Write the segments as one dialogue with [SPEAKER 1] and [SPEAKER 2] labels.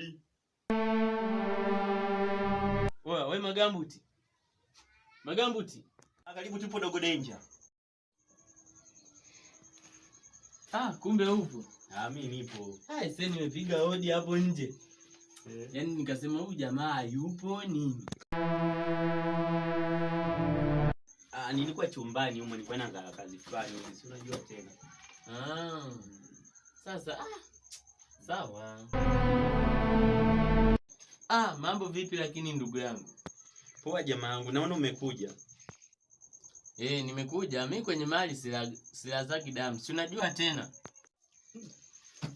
[SPEAKER 1] Rudi.
[SPEAKER 2] Wewe we Magambuti. Magambuti. Ah, karibu tupo Dogo Danger. Ah, kumbe upo.
[SPEAKER 1] Ah, mimi nipo.
[SPEAKER 2] Hai, sasa nimepiga hodi hapo nje. Yeah. Yaani nikasema huyu jamaa yupo nini?
[SPEAKER 1] Ah, nilikuwa chumbani huko nilikuwa na kazi fulani, si unajua tena.
[SPEAKER 2] Ah. Sasa ah Sawa. Ah, mambo vipi lakini ndugu yangu?
[SPEAKER 1] Poa jamaa yangu, naona umekuja.
[SPEAKER 2] Eh, nimekuja mi kwenye mali sila, sila zaki damu, si unajua tena.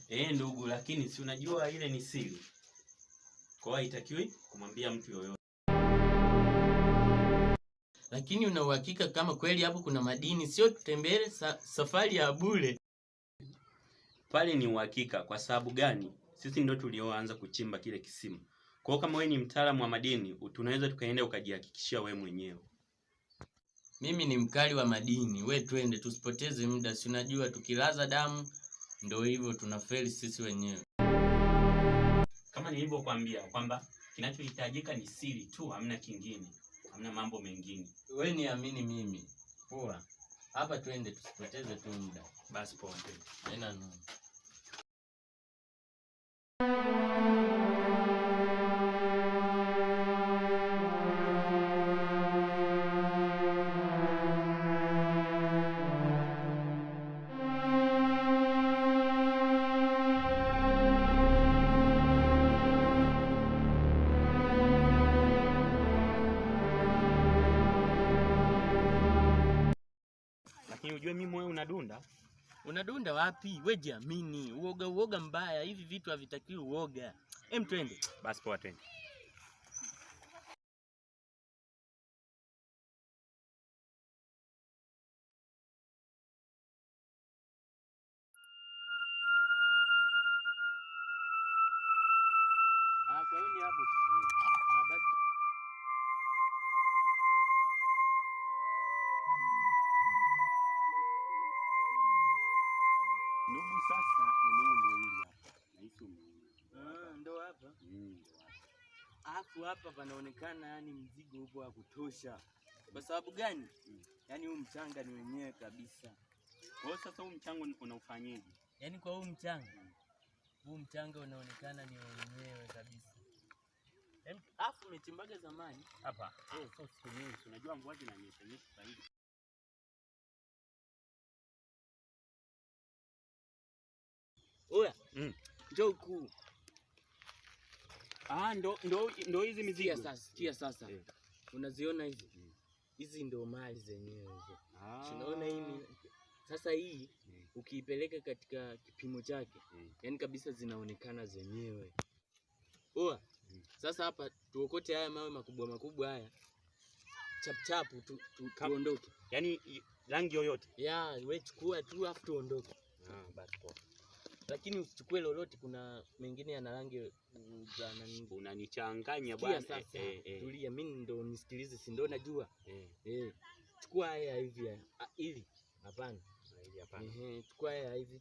[SPEAKER 1] Eh, ndugu, lakini si unajua ile ni siri, kwa hiyo haitakiwi kumwambia mtu yoyote.
[SPEAKER 2] Lakini una uhakika kama kweli hapo kuna madini, sio tutembele sa, safari ya bure?
[SPEAKER 1] pale ni uhakika. Kwa sababu gani? Sisi ndio tulioanza kuchimba kile kisima. Kwa hiyo kama wewe ni mtaalamu wa madini, tunaweza tukaenda ukajihakikishia wewe mwenyewe.
[SPEAKER 2] Mimi ni mkali wa madini, we twende, tusipoteze muda. Si unajua tukilaza damu ndio hivyo, tunafeli sisi wenyewe.
[SPEAKER 1] Kama nilivyokuambia kwamba kinachohitajika ni siri tu, hamna kingine, hamna mambo mengine.
[SPEAKER 2] We niamini mimi, poa hapa, twende tusipoteze tu muda. Basi poa, twende. Lakini ujue mimi moyo unadunda unadunda wapi? We jiamini. Uoga uoga mbaya, hivi vitu havitakiwi uoga. Em, twende
[SPEAKER 1] basi. Poa, twende. Ah, sasa eneo ndio hili hapa, nahisi
[SPEAKER 2] umeona, ah, ndio hapa Mm, alafu hapa panaonekana yani mzigo upo wa kutosha. Kwa sababu gani? Mm. Yaani huu mchanga ni wenyewe kabisa.
[SPEAKER 1] Kwa hiyo sasa huu mchanga unaufanyaje?
[SPEAKER 2] Yaani kwa huu mchanga, mm. huu mchanga unaonekana ni wenyewe kabisa. Alafu umechimbaga zamani hapa? Eh, sio siku nyingi, unajua mvua zinanyesha nyesha zaidi. Oya. Mm. Njoo huku.
[SPEAKER 1] Ah, ndo ndo ndo hizi mizigo
[SPEAKER 2] sasa. Tia sasa. Yeah. Unaziona hizi? Hizi mm. ndo mali zenyewe hizo. Ah. Unaona hii sasa hii mm. ukiipeleka katika kipimo chake mm. Eh. yani kabisa zinaonekana zenyewe. Oa. Mm. Sasa hapa tuokote haya mawe makubwa makubwa haya. chap tu, tu,
[SPEAKER 1] tuondoke. Yaani rangi
[SPEAKER 2] yoyote. Yeah, wewe chukua tu afu tuondoke.
[SPEAKER 1] Ah, basi poa
[SPEAKER 2] lakini usichukue lolote, kuna mengine yana rangi
[SPEAKER 1] mm, za nani. Unanichanganya
[SPEAKER 2] bwana. Sasa eh, eh, tulia, mimi ndo nisikilize, si ndo najua eh. Eh, chukua haya hivi haya, ah, ili hapana, ah, ili hapana, ehe, chukua haya hivi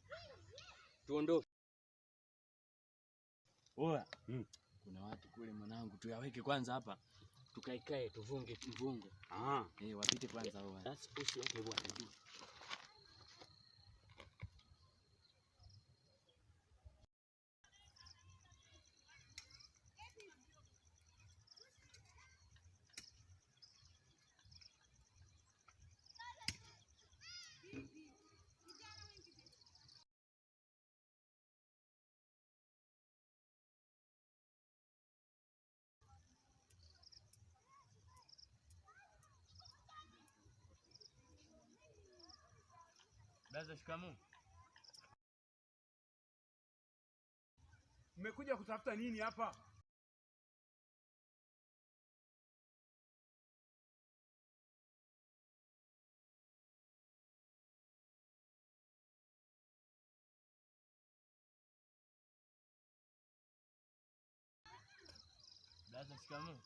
[SPEAKER 2] tuondoke. Oa mm. Kuna watu kule mwanangu, tuyaweke kwanza hapa tukaikae, tuvunge tuvunge, ah eh, wapite kwanza hao bwana, basi usiweke bwana
[SPEAKER 1] Baza, shikamoo. Mmekuja kutafuta nini hapa? Baza, shikamoo.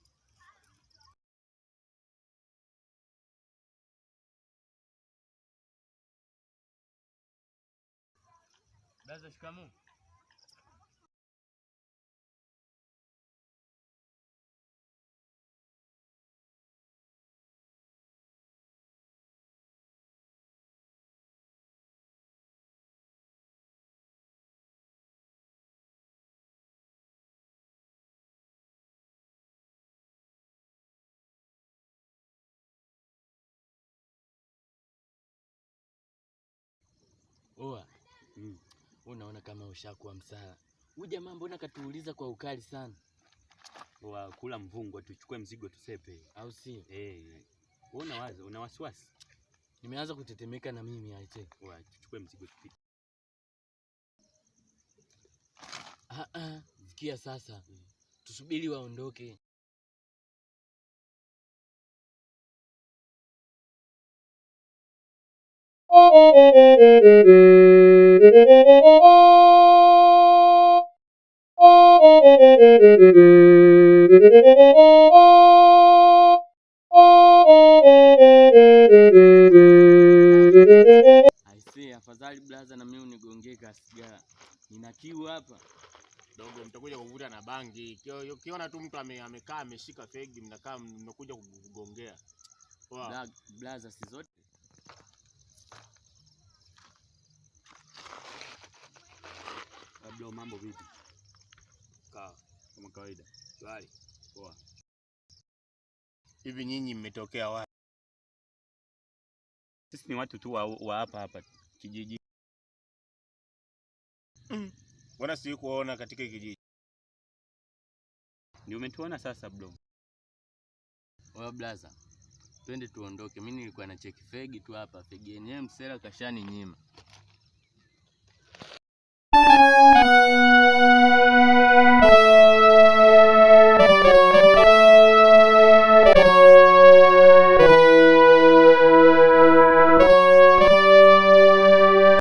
[SPEAKER 1] Dessa escamão. É Boa. Hum.
[SPEAKER 2] unaona kama ushakuwa msala. jamaa mbona katuuliza kwa ukali sana?
[SPEAKER 1] Wa kula mvungwa, tuchukue mzigo tusepe, au si? Eh, una wazo, una wasiwasi?
[SPEAKER 2] Nimeanza kutetemeka na mimi aite.
[SPEAKER 1] Wa tuchukue mzigo tupite.
[SPEAKER 2] Ah, ah, sikia sasa, mm. tusubiri waondoke Afadhali blaza, na mimi unigongee kasigara, nina kiu hapa
[SPEAKER 1] dogo. Mtakuja kuvuta na bangi. Ukiona tu mtu amekaa ameshika fegi, mnakaa mnakuja kugongea
[SPEAKER 2] blaza, si zote Hello, mambo vipi?
[SPEAKER 1] Kaa kama kawaida.
[SPEAKER 2] Shwari. Poa.
[SPEAKER 1] Hivi nyinyi mmetokea wapi? Sisi ni watu tu wa hapa hapa kijiji. Mm. Bwana si kuona katika kijiji. Ndio umetuona sasa bro.
[SPEAKER 2] Oya blaza. Twende tuondoke. Mimi nilikuwa na cheki fegi tu hapa. Fegi yenyewe msela kashani nyima.